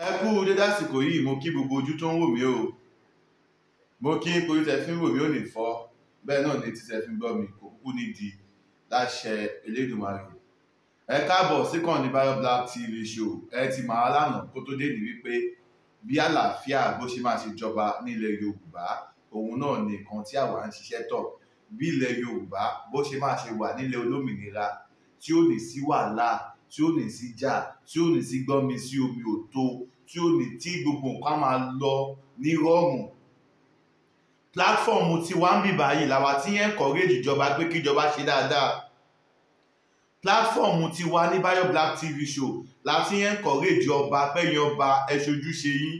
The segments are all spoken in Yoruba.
ẹ kú dédé àsìkò yìí mo kí gbogbo ojú tó ń wò mí o mo kí ojú tẹ fi ń wò mí ò ní fọ́ bẹ́ẹ̀ náà ní títẹ fi ń gbọ́ mi kò kúkú nídìí láṣẹ Elédùmarè ẹ káàbọ̀ síkàn ní Bayo Black TV show ẹ ti màá lánàá kó tó dé ní wípé bí àlàáfíà bó ṣe máa ṣe jọba nílẹ̀ Yorùbá òun náà ni nǹkan tí àwa ń ṣiṣẹ́ tọ̀ bí ilẹ̀ Yorùbá bó ṣe máa ṣe wà nílẹ̀ olómìnira tí ó ní sí wàhálà tí ó ní sí jà tí ó ní sí gbọ́nmi sí omi òtó tí ó ní tí gbogbo nǹkan máa lọ ní rọrùn platform tí wá ń bì báyìí làwa tí yẹn encourage ìjọba pé kíjọba ṣe dáadáa platform tí wá ní Bayo Black TV show láti yẹn encourage ọba pẹ́yìn ọba ẹ̀ṣojú ṣe yín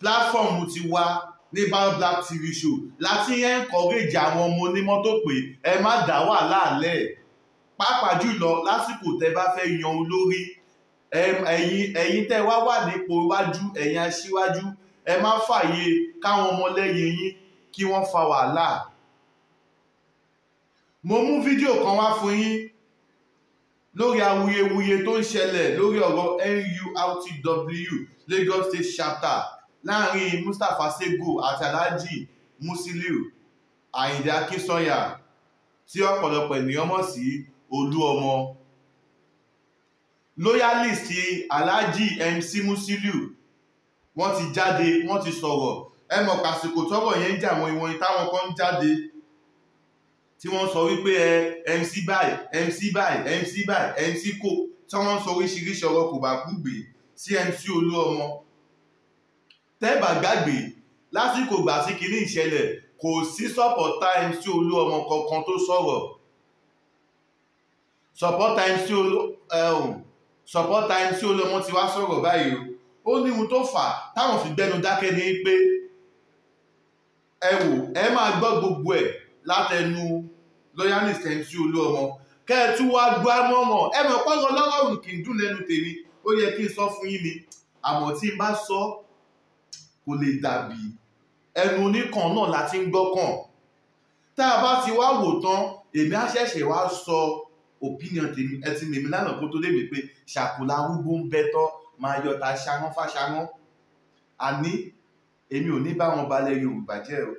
platform tí wá ní Bayo Black TV show láti yẹn encourage àwọn ọmọ onímọ́ tó pé ẹ má dá wàhálà lẹ̀ pàápàá jùlọ lásìkò tẹ bá fẹ́ yan olórí ẹ̀yin ẹ̀yin tẹ́ wá wà nípò iwájú ẹ̀yin aṣíwájú ẹ má fààyè káwọn ọmọlẹ́yìn yín kí wọ́n fa wàhálà mo mú fídíò kan wá fún yín lórí awuyewuye tó ń ṣẹlẹ̀ lórí ọ̀rọ̀ NURTW Lagos State Chapter láàrin Mustapha Sego àti Alhaji Musiliu Ayinde Akinsanya tí ọ̀pọ̀lọpọ̀ ènìyàn mọ̀ sí Olúọmọ loyalist alhaji mc musiliu wọ́n ti jáde wọ́n ti sọ̀rọ̀ ẹ mọ̀ pàṣípò tọ́rọ̀ yẹn ń jà wọ́n ìwọ̀n táwọn kan ń jáde tí wọ́n sọ wípé ẹ mc báyìí mc báyìí mc báyìí mc kò tí wọ́n sọ oríṣiríṣi ọ̀rọ̀ kò bá gbùgbé sí mc olúọmọ tẹ́ẹ̀bà gbàgbé lásìkò gbà sí kínní ìṣẹ̀lẹ̀ kò sí sọ́pọ̀tà mc olúọmọ kankan tó sọ̀rọ̀ sọ́pọ̀tà mc olúọmọ support time tí olómọ ti wá sọ̀rọ̀ báyìí o ó ní ohun tó fà táwọn fi gbẹnu dákẹ́ ní pé ẹ wò ẹ máa gbọ́ gbogbo ẹ̀ látẹnu loyalist ẹ̀ tí olómọ kẹ́ ẹ tún wá gbọ́ mọ́mọ́ ẹ mọ̀ pọ́ngàn lọ́rọ̀rùn kì í dùn lẹ́nu tèmi ó yẹ kí n sọ fún yín ni àmọ́ tí n bá sọ kò lè dàbí ẹnu oníkan náà láti ń gbọ́kàn tá a bá ti wá wò tán èmi á ṣẹ̀ṣẹ̀ wá sọ. So, opinion tèmi ẹ ti mèmí lánàá kó tó dé mi pé ṣàkólà arúgbó ń bẹ́tọ́ máa yọta ṣáná fáṣáná àní èmi ò ní bá wọn balẹ̀ yorùbá jẹ́ o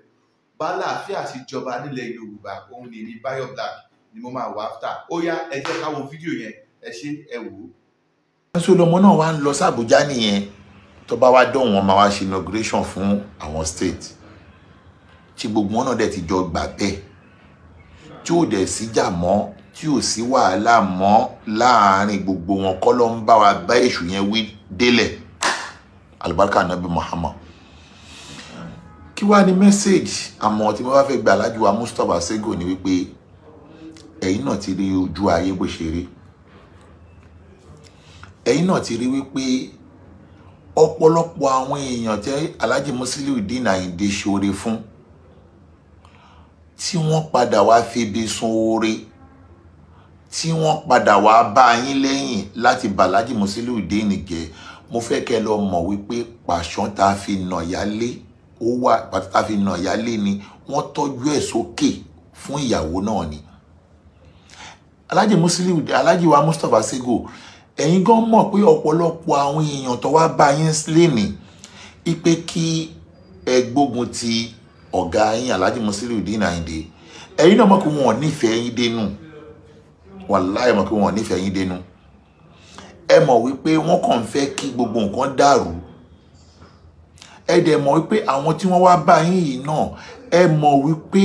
bálà àfíà sí jọba nílẹ̀ yorùbá òun ni èmi Bayo Black ni mo máa wà áfítà ó yá ẹ jẹ́ ká wo fídíò yẹn ẹ ṣe ẹ wò ó. aṣọ ọmọ náà wá ń lọ sí nìyẹn tó bá wá dán wọn máa wá ṣe inauguration fún àwọn state tí gbogbo wọn náà dẹ̀ ti jọ gbà bẹ́ẹ̀ tí ò dẹ̀ síjà mọ́ tí ò sí wàhálà mọ́ láàárín gbogbo wọn kọ́ ló ń bá wa bá èṣù yẹn wí délẹ̀ alibarika anabi muhammad kí wàá ní mẹ́sáàgì àmọ́ tí wọ́n bá fẹ́ gbà lájú wa mustapha sego ni wípé ẹ̀yin náà ti rí ojú ayé bó ṣe rí ẹ̀yin náà ti rí wípé ọ̀pọ̀lọpọ̀ àwọn èèyàn tẹ́ alhaji Musiliudeen Ayinde ṣoore fún tí wọ́n padà wá febi sun oore tí wọ́n padà wá bá yín lẹ́yìn láti bàlájì mùsílù dénìgẹ̀ mo fẹ́ kẹ́ lọ mọ̀ wípé pàṣán tá a fi nà yálé ó wà pàṣán tá a fi nà yálé ni wọ́n tọ́jú ẹ̀ sókè fún ìyàwó náà ni. alájì mùsílù alájì wa Mustapha Sego ẹ̀yin gan mọ̀ pé ọ̀pọ̀lọpọ̀ àwọn èèyàn tó wá bá yín lẹ́nìí ipe kí ẹ gbógun ti ọ̀gá yín alájì mùsílù dínà ìdè ẹ̀yin náà mọ̀ pé wọn ò nífẹ̀ẹ́ yín dénú wàláì mọ̀ pé wọ́n nífẹ̀ẹ́ yín dénú ẹ mọ̀ wípé wọ́n kàn fẹ́ kí gbogbo nǹkan dàrú ẹ dẹ̀ mọ̀ wípé àwọn tí wọ́n wá bá yín yìí náà ẹ mọ̀ wípé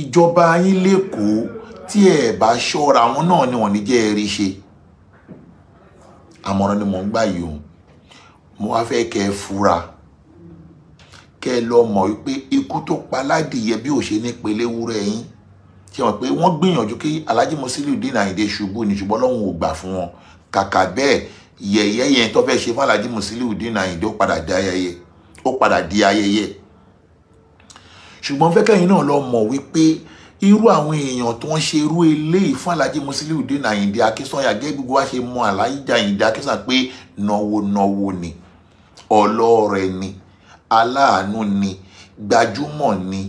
ìjọba yín lẹ́kọ̀ọ́ tí ẹ bá ṣọ́ra àwọn náà ni wọ́n ní jẹ́ ẹ rí ṣe àmọ̀ràn ni mò ń gbà yìí o mo wá fẹ́ kẹ́ ẹ fura kẹ́ ẹ lọ mọ̀ wípé ikú tó pa ládìyẹ bí ò ṣe ní pẹ̀lẹ́ wúrẹ́ yín ṣe wọn pé wọ́n gbìyànjú kí Alhaji Musiliudeen Ayinde ṣubú ni ṣùgbọ́n lọ́hùn ò gbà fún wọn kàkà bẹ́ẹ̀ yẹ̀yẹ́ yẹn tó fẹ́ ṣe fún Alhaji Musiliudeen Ayinde ó padà di ayẹyẹ ó padà di ayẹyẹ ṣùgbọ́n fẹ́kẹ́yìn náà lọ mọ̀ wípé irú àwọn èèyàn tó ń ṣe irú eléyìí fún Alhaji Musiliudeen Ayinde Akínsànyà gẹ́gẹ́ gbogbo wa ṣe mọ Alhaji Ayinde Akínsànyà pé náwó náwó ni ọlọ́ọ̀rẹ́ ni aláàánú ni gbajúmọ̀ ni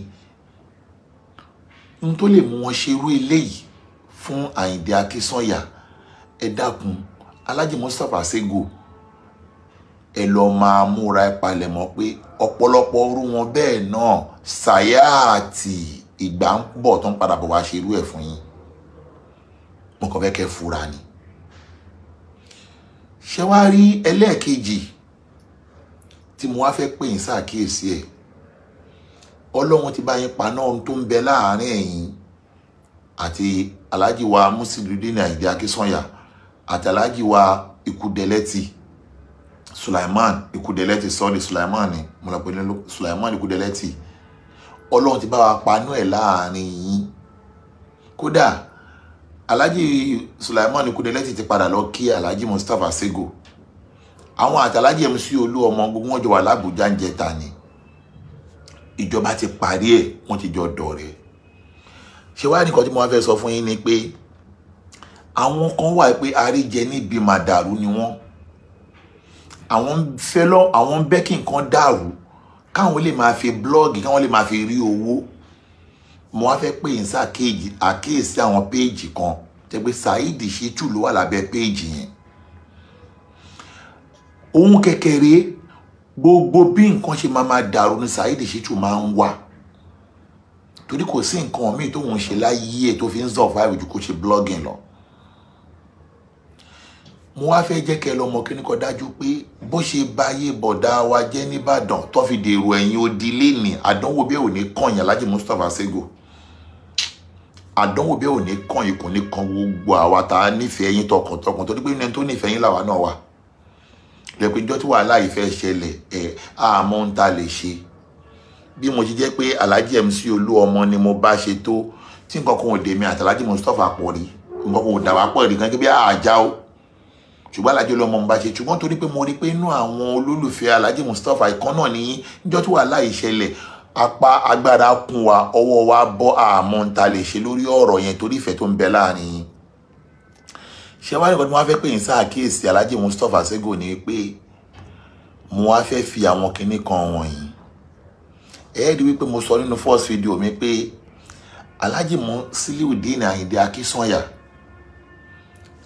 n tó lè mú wọn ṣe irú eléyìí fún Àyìndé Akínsànyà ẹ dákun Alhaji Mustapha Sego ẹ lọ máa múra ẹ palẹ̀mọ́ pé ọ̀pọ̀lọpọ̀ irú wọn bẹ́ẹ̀ náà sàyáàtì ìgbà ń bọ̀ tó ń padà bọ̀ wá ṣe irú ẹ̀ fún yín mo kàn fẹ́ kẹ́ fura ni ṣé wàá rí ẹlẹ́ẹ̀kejì tí mo wá fẹ́ pè yín sáà kíyèsí ẹ̀ ọlọ́run ti bá yín paná ohun tó ń bẹ láàrin ẹ̀yin àti aláàjì wa Musiludeen Àyìndé Akínsànyà àti aláàjì wa Ikudeleti Sulaiman Ikudeleti sọ́ọ̀lì Sulaiman ni mo Sulaiman Ikudeleti ọlọ́run ti bá wa paná ẹ̀ láàrin yín kódà aláàjì Sulaiman Ikudeleti ti padà lọ kí aláàjì Mustapha Sego àwọn àtàlájì MC olú ọmọ gbogbo wọn jọ wà lábùjá ń jẹta ni ìjọba ti parí ẹ̀ wọ́n ti jọ dọ̀rẹ́ ṣé wàá nìkan tí mo wá fẹ́ sọ fún yín ni pé àwọn kan wà pé àríjẹ níbi màdàrú ni wọ́n àwọn ń fẹ́ lọ àwọn ń bẹ́ kí nǹkan dàrú káwọn lè máa fi blọ́ọ̀gì káwọn lè máa fi rí owó mo wá fẹ́ pè ń sàkéèjì àkéèsí àwọn péèjì kan tẹ́ pé Saheed Shittu ló wà lábẹ́ péèjì yẹn ohun kékeré gbogbo bí nǹkan ṣe máa máa dàrú ni Saheed Shittu máa ń wá torí kò sí nǹkan míì tóun ṣe láyé ẹ̀ tó fi ń survive ju kó ṣe blogging lọ mo wá fẹ́ jẹ́ kẹ́ lọ́mọ kí ni kò dájú pé bó ṣe báyé bọ̀dá wa jẹ́ nìbàdàn tó fi dèrò ẹ̀yìn odi léni àdánwò bẹ́ẹ̀ ò ní kànyàn Alhaji Mustapha Sego àdánwò bẹ́ẹ̀ ò ní kàn yìí kò ní kan gbogbo àwa tá a nífẹ̀ẹ́ yín tọkàntọkàn torí pé ẹni tó nífẹ̀ẹ́ yín làwa náà wà jẹ́ pé ìjọ́ tí wàhálà yìí fẹ́ ṣẹlẹ̀ ẹ̀ àmọ́ ń ta lè ṣe bí mo ṣe jẹ́ pé alhaji mc olú ọmọ ni mo bá ṣe tó tí nǹkan kan ò dé mi àtàlájì mustapha pọ̀ rí nǹkan kan ò dà wá pọ̀ rí kan kí bí àjà o ṣùgbọ́n alhaji olú ọmọ mo bá ṣe ṣùgbọ́n torí pé mo rí pé inú àwọn olólùfẹ́ alhaji mustapha ìkan náà ní ìjọ́ tí wàhálà yìí ṣẹlẹ̀ apá agbára kún wa ọwọ́ wa bọ́ àmọ́ ń ta lè ṣe lórí ọ̀rọ̀ yẹn torí ìfẹ́ tó ń bẹ láàrin yìí ṣé wá nìkan tí wọ́n fẹ́ pè ń ṣàkíyèsí Alhaji Mustapha Sego ni pé mo wá fẹ́ fi àwọn kinní kan wọ̀nyí ẹ ẹ́ di wípé mo sọ nínú first video mi pé mu Musiliudeen Ayinde Akínsànyà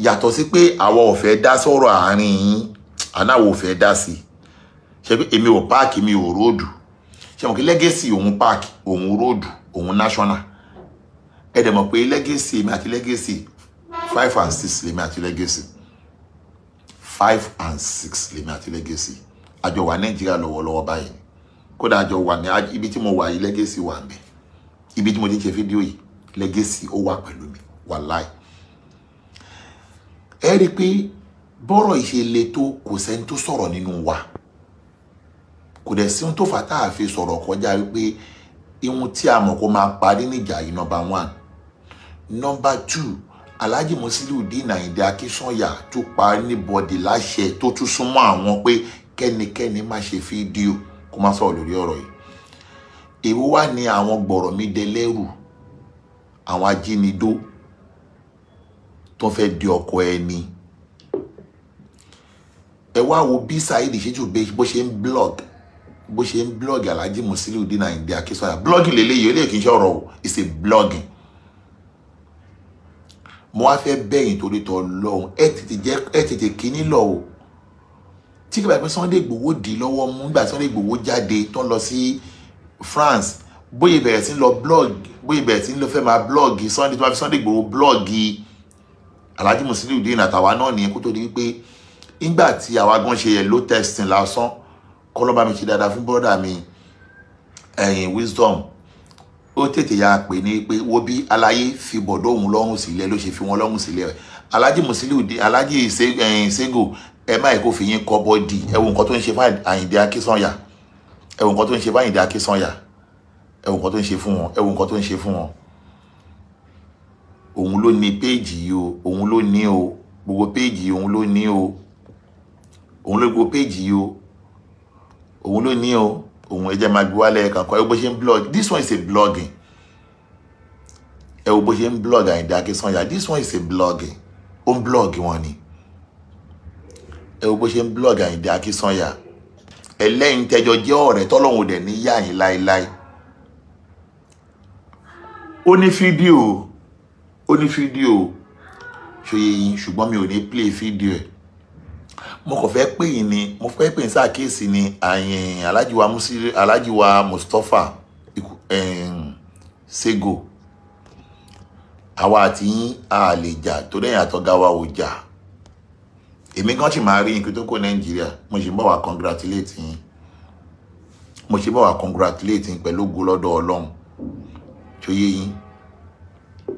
yàtọ̀ sí pé àwa ò fẹ́ dá sọ̀rọ̀ àárín yín anáwó ò fẹ́ dá sí ṣe pé èmi ò páàkì mi ò róòdù ṣe mọ̀ kí lẹ́gẹ̀sì òun páàkì òun róòdù òun national ẹ dẹ̀ mọ̀ pé lẹ́gẹ̀sì èmi àti lẹ́gẹ̀sì five and six lèmi àti legacy five and six lèmi àti legacy àjọ wà nàìjíríà lọ́wọ́lọ́wọ́ báyìí kódà àjọ wà ní ibi tí mo wà yìí legacy wà ń bẹ ibi tí mo ti ṣe fídíò yìí legacy ó wà pẹ̀lú mi wàláì ẹ rí i pé bọ́rọ̀ ìṣẹ̀lẹ̀ tó kò sẹ́ni tó sọ̀rọ̀ nínú wa kò dẹ̀ sí ohun tó fà tá a fi sọ̀rọ̀ kọjá wípé ihun tí a mọ̀ kó máa parí níjà yìí number one number two alhaji musiludeen ayinde akínsànyà tó pa anybody láṣẹ tó tún súnmọ́ àwọn pé kẹ́nikẹ́ni má ṣe fídíò kó má sọ̀rọ̀ lórí ọ̀rọ̀ yìí èwo wá ní àwọn gbọ̀rọ̀ mi dẹlẹ́rù àwọn ajínigbó tó fẹ́ di ọkọ ẹni ẹ wá wo bí saheed ṣètò bó ṣe ń blog bó ṣe ń blog alhaji musiludeen ayinde akínsànyà blog lélẹ́yìí ó lè kí n ṣe ọ̀rọ̀ o it's a blogging mo wá fẹ́ bẹ̀yìn torí tọ́ lọ́hùn ẹ tètè jẹ́ ẹ tètè kíní lọ o tí kìí bá pẹ́ Sunday Igboho dì lọ́wọ́ mú nígbà Sunday Igboho jáde tó ń lọ sí France bóyá ìbẹ̀rẹ̀ sí lọ blog bóyá ìbẹ̀rẹ̀ sí ń lọ fẹ́ máa blọ́ọ̀gì Sunday tó bá fi Sunday Igboho blọ́ọ̀gì Alhaji Musiliu Deen àtàwa náà nìyẹn kó tó di wípé nígbà tí àwa gan ṣe yẹn low testing lásán kọ́ ló bá mi ṣe dáadáa fún bọ́dà mi ẹ̀yìn wisdom ó tètè ya pè ní pé wo bí aláyé fi bọ̀dọ̀ òun lọ́rùn sílẹ̀ ló ṣe fi wọn lọ́rùn sílẹ̀ alájì musiliu alájì eh, sego ẹ má kó fi yín kọ́ bọ́ọ̀dì ẹ wo nǹkan tó ń ṣe fún àyìndé akínsànyà ẹ wo nǹkan tó ń ṣe fún àyìndé akínsànyà ẹ wo nǹkan tó ń ṣe fún wọn ẹ nǹkan tó ń ṣe fún wọn òun ló ní péèjì yìí o òun ló ní o gbogbo péèjì òun ló ní o òun ló gbogbo péèjì yìí o òun ló ní o òun ẹ jẹ́ máa gbé wálé ẹ̀kan kan ẹ wo bó ṣe ń blog this one is a blogging ẹ wo bó ṣe ń blog Àyìndé Akínsànyà this one is a blogging ó ń blog wọn ni ẹ wo bó ṣe ń blog Àyìndé Akínsànyà ẹlẹ́yin tẹjọ jẹ́ ọ̀rẹ́ tọ́lọ́hún dẹ̀ ní yá láéláé ó ní fídíò ó ní fídíò ṣòye yín ṣùgbọ́n mi ò ní play fídíò ẹ̀ mo kàn fẹ́ pè yín ni mo fẹ́ pè yín sáàkíyèsí ni àyìn alájíwa musiri alájíwa mustapha sego àwa àti yín a lè jà tó dẹ̀yìn àtọ́gá wa ò jà èmi gan sì máa rí yín kí tó kó nàìjíríà mo sì ń bọ̀ wá congratulate yín mo sì ń bọ̀ wá congratulate yín pẹ̀lú ògo lọ́dọ̀ ọlọ́run tó yé yín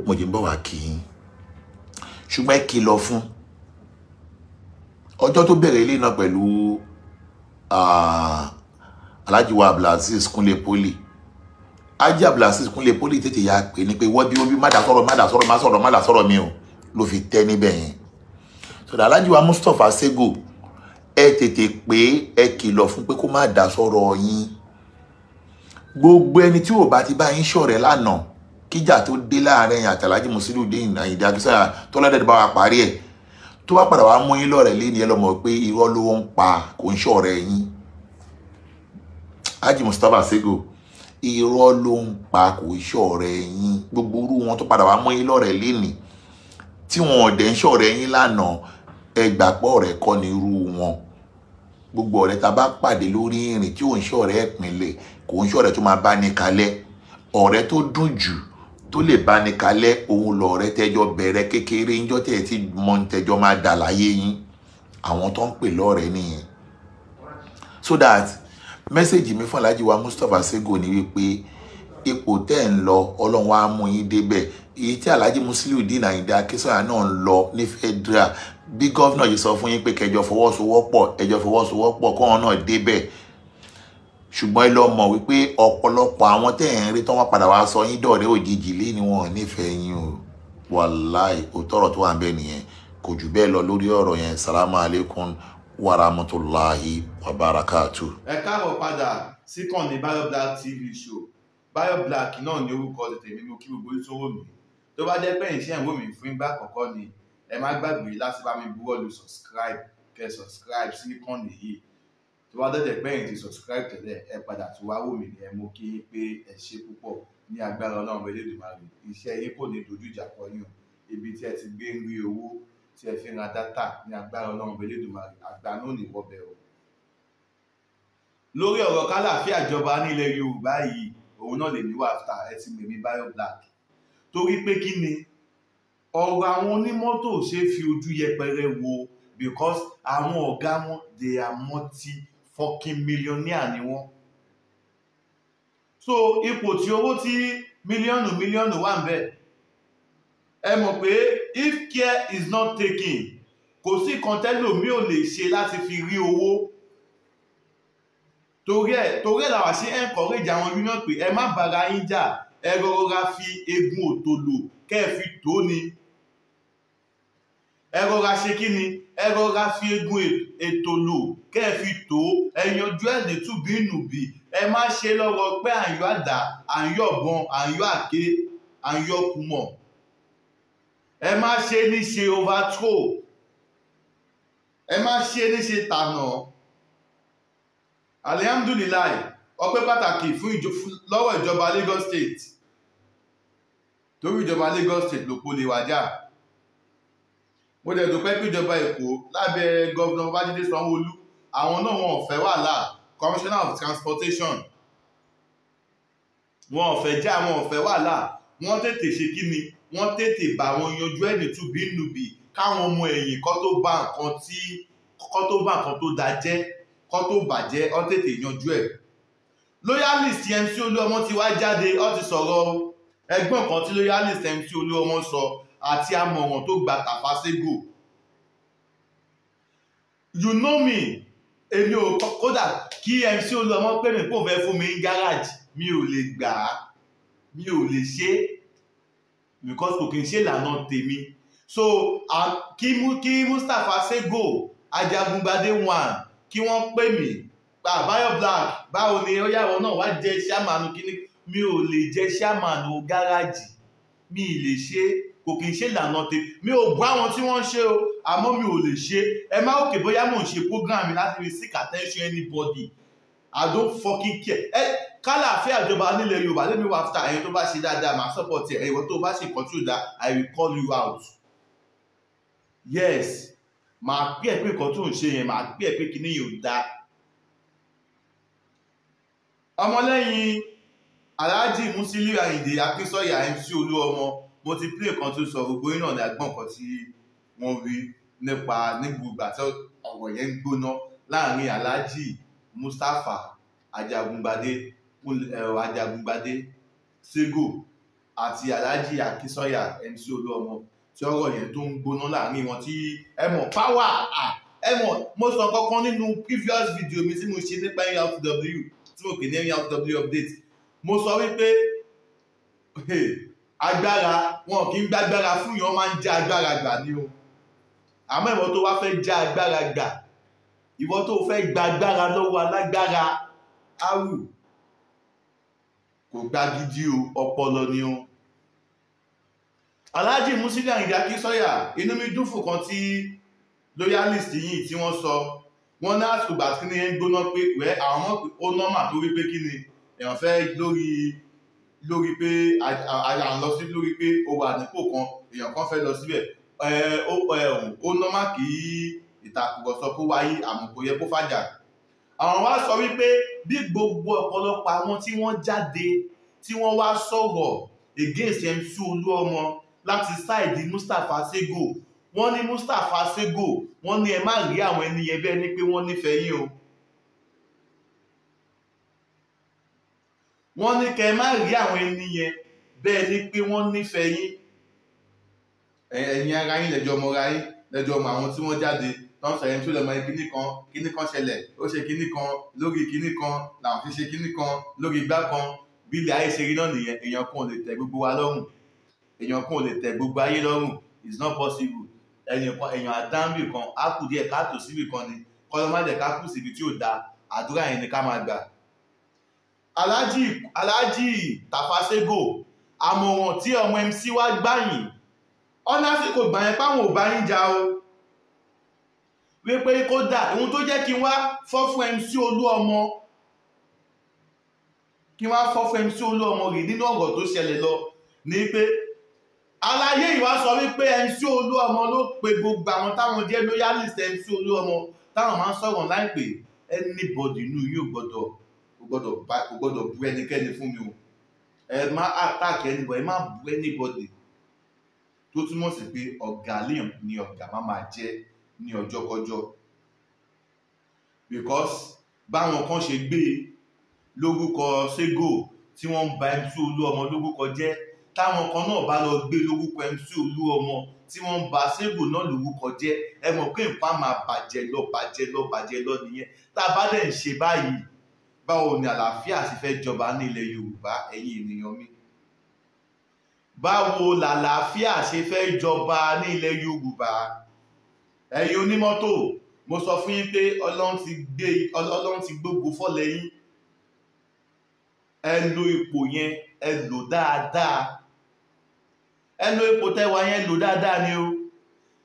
mo sì bọ̀ wá kí yín ṣùgbọ́n ẹ kìlọ̀ fún ọjọ́ tó bẹ̀rẹ̀ ilé náà pẹ̀lú Alhaji wa Abdulaziz Kúnlé Poli Alhaji Abdulaziz Kúnlé Poli tètè ya pé ni pé wọ́n bí wọ́n bí má dà sọ̀rọ̀ má dà sọ̀rọ̀ má sọ̀rọ̀ má dà sọ̀rọ̀ mi o ló fi tẹ́ níbẹ̀ yẹn sọ̀rọ̀ Alhaji wa Mustapha Sego ẹ tètè pé ẹ kìlọ̀ fún pé kó má dà sọ̀rọ̀ yín gbogbo ẹni tí ò bá ti bá yín ṣọ̀rẹ́ lánàá kíjà tó dé láàrin àtàlájì Musiliu Deen Àyìndé Akínsáré tọ́lá tó bá padà wàá mú yín lọ́rẹ̀ lẹ́ni ẹ lọ́mọ pé irọ́ ló ń pa kò ń ṣọ̀rẹ́ yín Haji Mustapha Sego irọ́ ló ń pa kò ń ṣọ̀rẹ́ yín gbogbo irú wọn tó padà wàá mú yín lọ́rẹ̀ lẹ́ni tí wọn ọ̀dẹ̀ ń ṣọ̀rẹ́ yín lánàá ẹ gbàgbọ́ ọ̀rẹ́ kọ́ ni irú wọn gbogbo ọ̀rẹ́ tá bá pàdé lórí ìrìn tí ò ń ṣọ̀rẹ́ ìpínlẹ̀ kò ń ṣọ̀rẹ́ tó máa bá ní kalẹ̀ ọ̀rẹ́ tó dùn jù tó lè bá ní kalẹ̀ òun lọ̀rẹ́ tẹ́jọ́ bẹ̀rẹ̀ kékeré ńjọ́ tẹ̀ tí mọ tẹ́jọ́ máa dà láyé yín àwọn tó ń pè lọ́rẹ̀ẹ́ nìyẹn so that mẹ́sẹ̀gì mi fún Alhaji wa Mustapha Sego ni wípé ipò tẹ́ ń lọ ọlọ́run á mú yín débẹ̀ èyí tí Alhaji Musiliudeen Ayinde Akínsọ́lá náà ń lọ ní federal bí gọ́vnà yìí sọ fún yín pé kẹjọ fọwọ́sowọ́pọ̀ ẹjọ fọwọ́sowọ́pọ̀ kọ́ọ̀n náà débẹ̀ ṣùgbọ́n ẹ lọ mọ̀ wípé ọ̀pọ̀lọpọ̀ àwọn tẹ̀ ń rí tán wá padà wá sọ yín dọ̀rẹ́ òjijì lé ni wọn nífẹ̀ẹ́ yín o wàláì ó tó wà ń bẹ nìyẹn kò jù bẹ́ẹ̀ lọ lórí ọ̀rọ̀ yẹn salamu alaykum wa rahmatulahi ẹ káàbọ̀ padà sí kànnì Bayo Black TV show Bayo Black náà ní orúkọ tèmi mo kí gbogbo tó wò mí tó bá jẹ́ pé ìṣe ìwò mi fún ìgbà àkọ́kọ́ ni ẹ má gbàgbé láti bá mi buwọ́lù subscribe kẹ́ subscribe sí kànnì yìí tó bá dẹ̀dẹ̀ gbẹ̀yìn ti subscribe tẹ́lẹ̀ ẹ padà tó wá wò mí ni ẹ mú kí n pé ẹ ṣe púpọ̀ ní agbára ọlọ́run bẹ́ẹ̀ lèdè máa rìn iṣẹ́ yìí kò ní dojú ìjà kọ yín o ibi tí ẹ ti gbé ń rí owó tí ẹ fi ra dátà ní agbára ọlọ́run bẹ́ẹ̀ lèdè máa rìn àgbà náà ní wọ́bẹ̀ o. lórí ọ̀rọ̀ kálàfíà jọba nílẹ̀ yorùbá yìí òun náà lè ní wà fúta ẹ ti mèmí Bayo Black torí pé kí ni ọ̀rọ̀ àwọn onímọ́tò ṣe fi ojú yẹpẹrẹ wo because àwọn ọ̀gá wọn they are multi fucking millionaire ni wọ́n so ipò tí owó tí mílíọ̀nù mílíọ̀nù wà ń bẹ̀ ẹ mọ̀ pé if care is not taken kò sí kan tẹ́lòmí ò lè ṣe láti fi rí owó torí ẹ̀ torí ẹ̀ làwà sí encourage àwọn union pé ẹ má bára yín jà ẹ rọra fi egun òtòlò kẹ́ ẹ fi tó ni ẹ rọra ṣe kí ni ẹ rọra fi egun ètò lò kẹ́ ẹ fi tó ẹ yanjú ẹ̀ nítùbí nùbí ẹ má ṣe lọ́rọ̀ pé à ń yọ àdá à ń yọ ọ̀bọ̀n à ń yọ àké à ń ẹ má ṣe ní ṣe ẹ má ṣe ní tànà alihamdulilayi ọpẹ́ pàtàkì fún lọ́wọ́ ìjọba Lagos State torí ìjọba Lagos State ló polè wájà mo dẹ̀ dúpẹ́ péjọba èkó lábẹ́ gọ́vnà babájídé sanwó-olú àwọn náà wọn ò fẹ́ wàhálà commissioner of transportation wọn ò fẹ́ já wọn ò fẹ́ wàhálà wọ́n tètè ṣe kí ni wọ́n tètè bá wọn yanjú ẹ̀nì tùbí nùbí káwọn ọmọ ẹ̀yìn kọ́ tó bá nǹkan tí kọ́ tó bá nǹkan tó da jẹ́ kọ́ tó bàjẹ́ ọ́ tètè yanjú ẹ̀ loyalist MC Olúọmọ ti wá jáde ọ́ ti sọ̀rọ̀ ẹgbọ́n kan tí loyalist MC Olúọmọ sọ so àti amọ̀wọ̀n tó gba tàfàṣégò you know me èmi ò kódà kí mc olùọmọ pè mí kó fẹ́ fún mi ní gáràjì mi ò lè gbà á mi ò lè ṣe because kò kí n ṣe ìlànà tèmi so kí kí Mustapha Sego Ajagungbade one kí wọ́n pè mí Bayo Black báwo ni ó yàwó náà wá jẹ ṣáàmánù kíní mi ò lè jẹ ṣáàmánù gáràjì mi ì lè ṣe é kò kì í ṣe ìlànà tè mi ò gbọ́ àwọn tí wọ́n ń ṣe o àmọ́ mi ò lè ṣe ẹ má òkè bóyá mò ń ṣe program láti fi seek attention anybody I don't fucking care ẹ kálá àfẹ́ àjọba nílẹ̀ Yorùbá lẹ́mi wà fúta ẹ̀yin tó bá ṣe dáadáa màá support ẹ̀ ẹ̀yin tó bá ṣe control that I will call you out yes màá pè é pé nǹkan tó ń ṣe yẹn màá pè é pé kinní yìí ò dáa ọmọlẹ́yìn Alhaji Musiliu Ayinde Akínsọ́yà MC Olúọmọ mo ti play kan tó sọ gbogbo iná ní agbọ́n kan tí wọ́n rí nípa nígbùgbà tí ọ̀rọ̀ yẹn ń gbóná láàrin Alhaji Mustapha Ajagungbade Ajagungbade Sego àti Alhaji Akínsọ́yà MC Olúọmọ tí ọ̀rọ̀ yẹn tó ń gbóná láàrin wọn tí ẹ mọ̀ power ẹ mọ̀ mo sọ kankan nínú previous video mi tí mo ṣe nípa NRFW tí mo pè ní NRFW update mo sọ wípé. Hey, agbára wọn kì í gbágbára fún yàn máa ń já agbára gbà ni o àmọ́ ìwọ tó wá fẹ́ já agbára gbà ìwọ tó fẹ́ gba agbára lọ́wọ́ alágbára áwù kò gba gidi o ọpọlọ ni o aláàjì Musili Àyìndé Akínsọ́yà inú mi dùn fún kan tí loyalist yìí tí wọ́n sọ wọ́n ní àsìkò gbà kí ni ẹ ń gbóná pé wẹ́ àwọn ọmọ ó nọ́mà tó wí pé kí ni èèyàn fẹ́ lórí lórí pé àyà ń lọ sí lórí pé o wà nípò kan èèyàn kan fẹ́ lọ síbẹ̀ ó nọ́mà kí ìtàkùrọ̀sọ kó wáyé àmọ́ kò yẹ kó fàjà. àwọn wá sọ wípé bí gbogbo ọ̀pọ̀lọpọ̀ àwọn tí wọ́n jáde tí wọ́n wá sọ̀rọ̀ against MC Olúọmọ láti ṣáìdì Mustapha Sego wọ́n ní Mustapha Sego wọ́n ní ẹ má rí àwọn ẹni yẹn bẹ́ẹ̀ ni pé wọ́n nífẹ̀ẹ́ yín o wọ́n ní kẹ́ má rí àwọn ẹni yẹn bẹ́ẹ̀ ni pé wọ́n nífẹ̀ẹ́ yín ẹ̀yin ara yín lẹ́jọ́ ọmọ ara yín lẹ́jọ́ ọmọ àwọn tí wọ́n jáde tó ń sọ̀rọ̀ tó lè mọ kíní kan kíní kan ṣẹlẹ̀ ó ṣe kíní kan lórí kíní kan làwọn ti ṣe kíní kan lórí igbá kan bí ilẹ̀ ayé ṣe rí náà nìyẹn èèyàn kan ò lè tẹ́ gbogbo wa lọ́rùn èèyàn kan ò lè tẹ́ gbogbo ayé lọ́rùn it's not possible èèyàn àdáńbì kan á kù díẹ̀ káàtó síbì kan ni kọ́lọ́mọ́dé ká kù síbi tí ò dáa àdúrà yẹn ni ká máa gbà aláàjì tàfàṣégò àmọ̀ràn tí ọmọ mc wá gbàyìn ọ́nàsìkò gbàyìn páwọn ò bá yín jà o wípé kódà ohun tó jẹ́ kí n wá fọ́ fún mc olú ọmọ kí n wá fọ́ fún mc olú ọmọ rè nínú ọ̀rọ̀ tó ṣẹlẹ̀ lọ ní pé aláyé ìwá sọ wípé mc olú ọmọ ló pe gbogbo àwọn táwọn jẹ́ loyalist mc olú ọmọ táwọn máa ń sọ̀rọ̀ láìpẹ́ anybody inú yóò gbọ́dọ̀ gbọ́dọ̀ bá kò gbọ́dọ̀ bú ẹnikẹ́ni fún mi o ẹ má attack anybody ẹ má bú anybody tó túmọ̀ sí pé ọ̀gá liam ni ọ̀gá má máa jẹ́ ní ọjọ́kọ́jọ́ because báwọn kan ṣe gbé lórúkọ sego tí wọ́n ń ba MC Olúọmọ lórúkọ jẹ́ táwọn kan náà bá lọ gbé lórúkọ MC Olúọmọ tí wọ́n ń ba sego náà lórúkọ jẹ́ ẹ mọ̀ pé nǹkan máa bàjẹ́ lọ bàjẹ́ lọ bàjẹ́ lọ nìyẹn tá a bá dẹ̀ ń ṣe báyìí báwo ni àlàáfíà sì fẹ́ jọba ní ilẹ̀ yorùbá ẹ̀yin ènìyàn mi báwo làlàáfíà ṣe fẹ́ jọba ní ilẹ̀ yorùbá ẹ̀yin onímọ́tò mo sọ fún yín pé ọlọ́run ti gbógun fọ́lẹ̀ yín ẹ lo ipò yẹn ẹ lò dáadáa ẹ lo ipò tẹ́wàá yẹn lò dáadáa ni o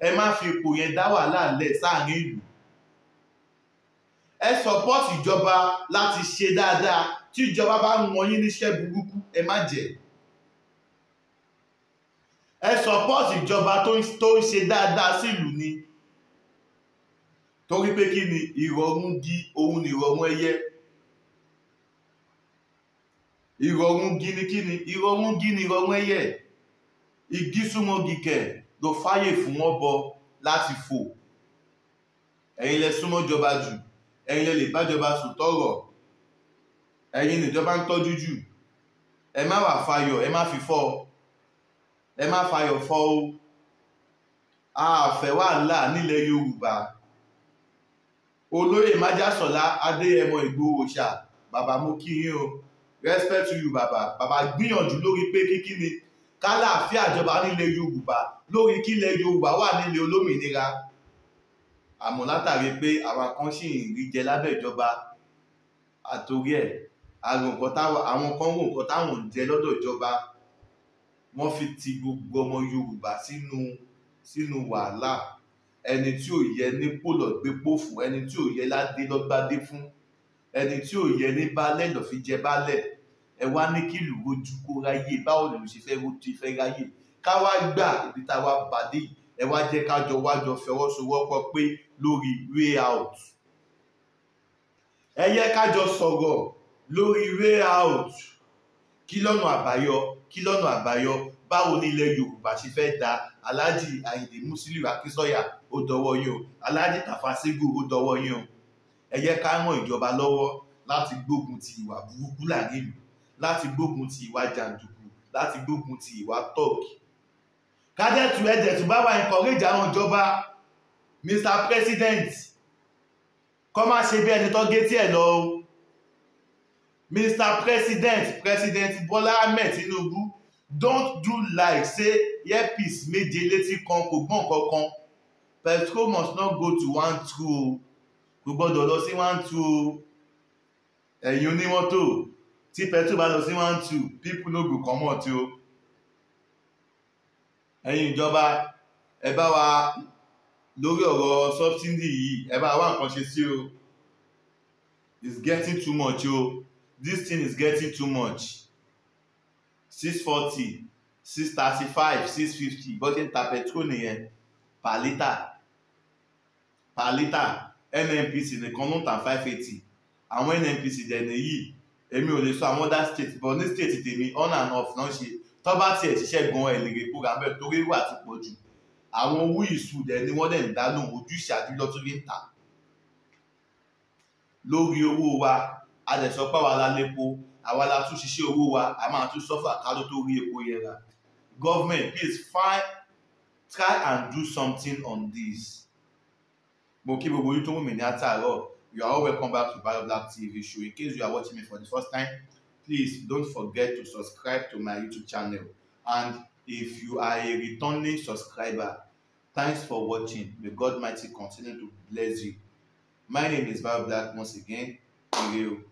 ẹ má fi ipò yẹn dá wàhálà lẹ̀ sáàrin ìlú ẹ sọpọ́tì ìjọba láti ṣe dáadáa tí ìjọba bá ń wọ̀nyí níṣẹ́ burúkú ẹ má jẹ́ ẹ sọpọ́tì ìjọba tó ń ṣe dáadáa sílùú ni torí pé kí ni ìrọ̀rùn di òun ni ìrọ̀rùn ẹyẹ ìrọ̀rùn gi ni kí ni ìrọ̀rùn gi ni ìrọ̀rùn ẹyẹ igi súnmọ́ gìkẹ̀ ló fàyè fún wọn bọ láti fò ẹ̀yin lẹ súnmọ́ jọba jù ẹ̀yin lè lè bájọba sùn tọrọ ẹ̀yin níjọba ń tọ́jú jù ẹ má wà fayọ̀ ẹ má fi fọ́ ẹ má fayọ̀ fọ́ o àfẹ́ wàhálà nílẹ̀ Yorùbá olóyè májàsọ̀lá adéyẹmọ ìgbòho ṣá bàbá mú kí yín o respect to you bàbá bàbá gbìyànjú lórí pé kíkí ni kálàáfíà ìjọba nílẹ̀ Yorùbá lórí kílẹ̀ Yorùbá wà nílẹ̀ olómìnira àmọ́ látàrí pé àwọn kan sì ń rí jẹ lábẹ́ ìjọba àtòrí ẹ̀ àwọn kan wò nǹkan táwọn ń jẹ lọ́dọ̀ ìjọba wọ́n fi ti gbogbo ọmọ Yorùbá sínú sínú wàhálà ẹni tí ò yẹ ní pòlọ̀ gbé pòfù ẹni tí ò yẹ ládé lọ́gbádé fún ẹni tí ò yẹ ní baálẹ̀ lọ́ jẹ baálẹ̀ ẹ wá ní kí ìlú rojú kó ráyè báwo lè ṣe fẹ́ rojú fẹ́ ráyè ká wá gbà ibi tá bàdé yìí ẹ wá jẹ́ kájọ wájọ fẹwọ́sowọ́pọ̀ pé lórí way out ẹ yẹ kájọ sọ̀rọ̀ lórí way out kí lọ́nà àbáyọ kí lọ́nà àbáyọ báwo ni ilẹ̀ yorùbá ṣe fẹ́ da aláàjì àyìndé musiliu akínsọ́yà ó dọwọ́ yín o aláàjì tàfàṣẹ́gù ó dọwọ́ yín o ẹ yẹ ká ràn ìjọba lọ́wọ́ láti gbógun ti ìwà burúkú láàrin láti gbógun ti ìwà jàǹdùkú láti gbógun ti ìwà tọ́ọ̀kì kájẹ́tù ẹ̀jẹ̀ tó bá wà encourage àwọn ìjọba Mr. President Come and see me ẹni tó gé tí ẹ̀ Mr. President President Bola Ahmed Tinubu don't do like say earpiece méje létí kan kò gbọ́n kankan petrol must not go to one two o kò gbọ́dọ̀ lọ sí one two o ẹ̀yin onímọ́tò tí petrol bá lọ sí one two people no go come comot o ẹ̀yin ìjọba ẹ bá wa lórí ọ̀rọ̀ subsidy yìí ẹ bá wa nǹkan ṣe sí o it's getting too much o this thing is getting too much six forty six thirty five six fifty bọ́sẹ̀ ń ta petrol nìyẹn per litre per litre nnpc nìkan ló ń ta five eighty àwọn nnpc dẹ̀ nìyí èmi ò lè sọ àwọn other state but ní state tèmi on and off náà ṣe tó bá tiẹ̀ ṣiṣẹ́ gan ẹ̀lẹ́gẹ̀ kó ra bẹ́ẹ̀ torí ti pọ̀ jù àwọn owó ìsúdẹ ni wọ́n dẹ̀ ń dáná ojú ìṣáájú lọ́túrí ta lórí owó wa a dẹ̀ sọ pé àwa àwa la tún ṣiṣẹ́ owó wa a máa tún sọ́fà kálọ́ tó rí epo yẹn government please find try and do something on this mo kí gbogbo yín tó wù mí ní àtàárọ̀ you are all welcome back to BioBlack TV show in case you are watching me for the first time please don't forget to subscribe to my YouTube channel. And if you are a returning subscriber, thanks for watching. May God mighty continue to bless you. My name is Bob Black once again. thank you.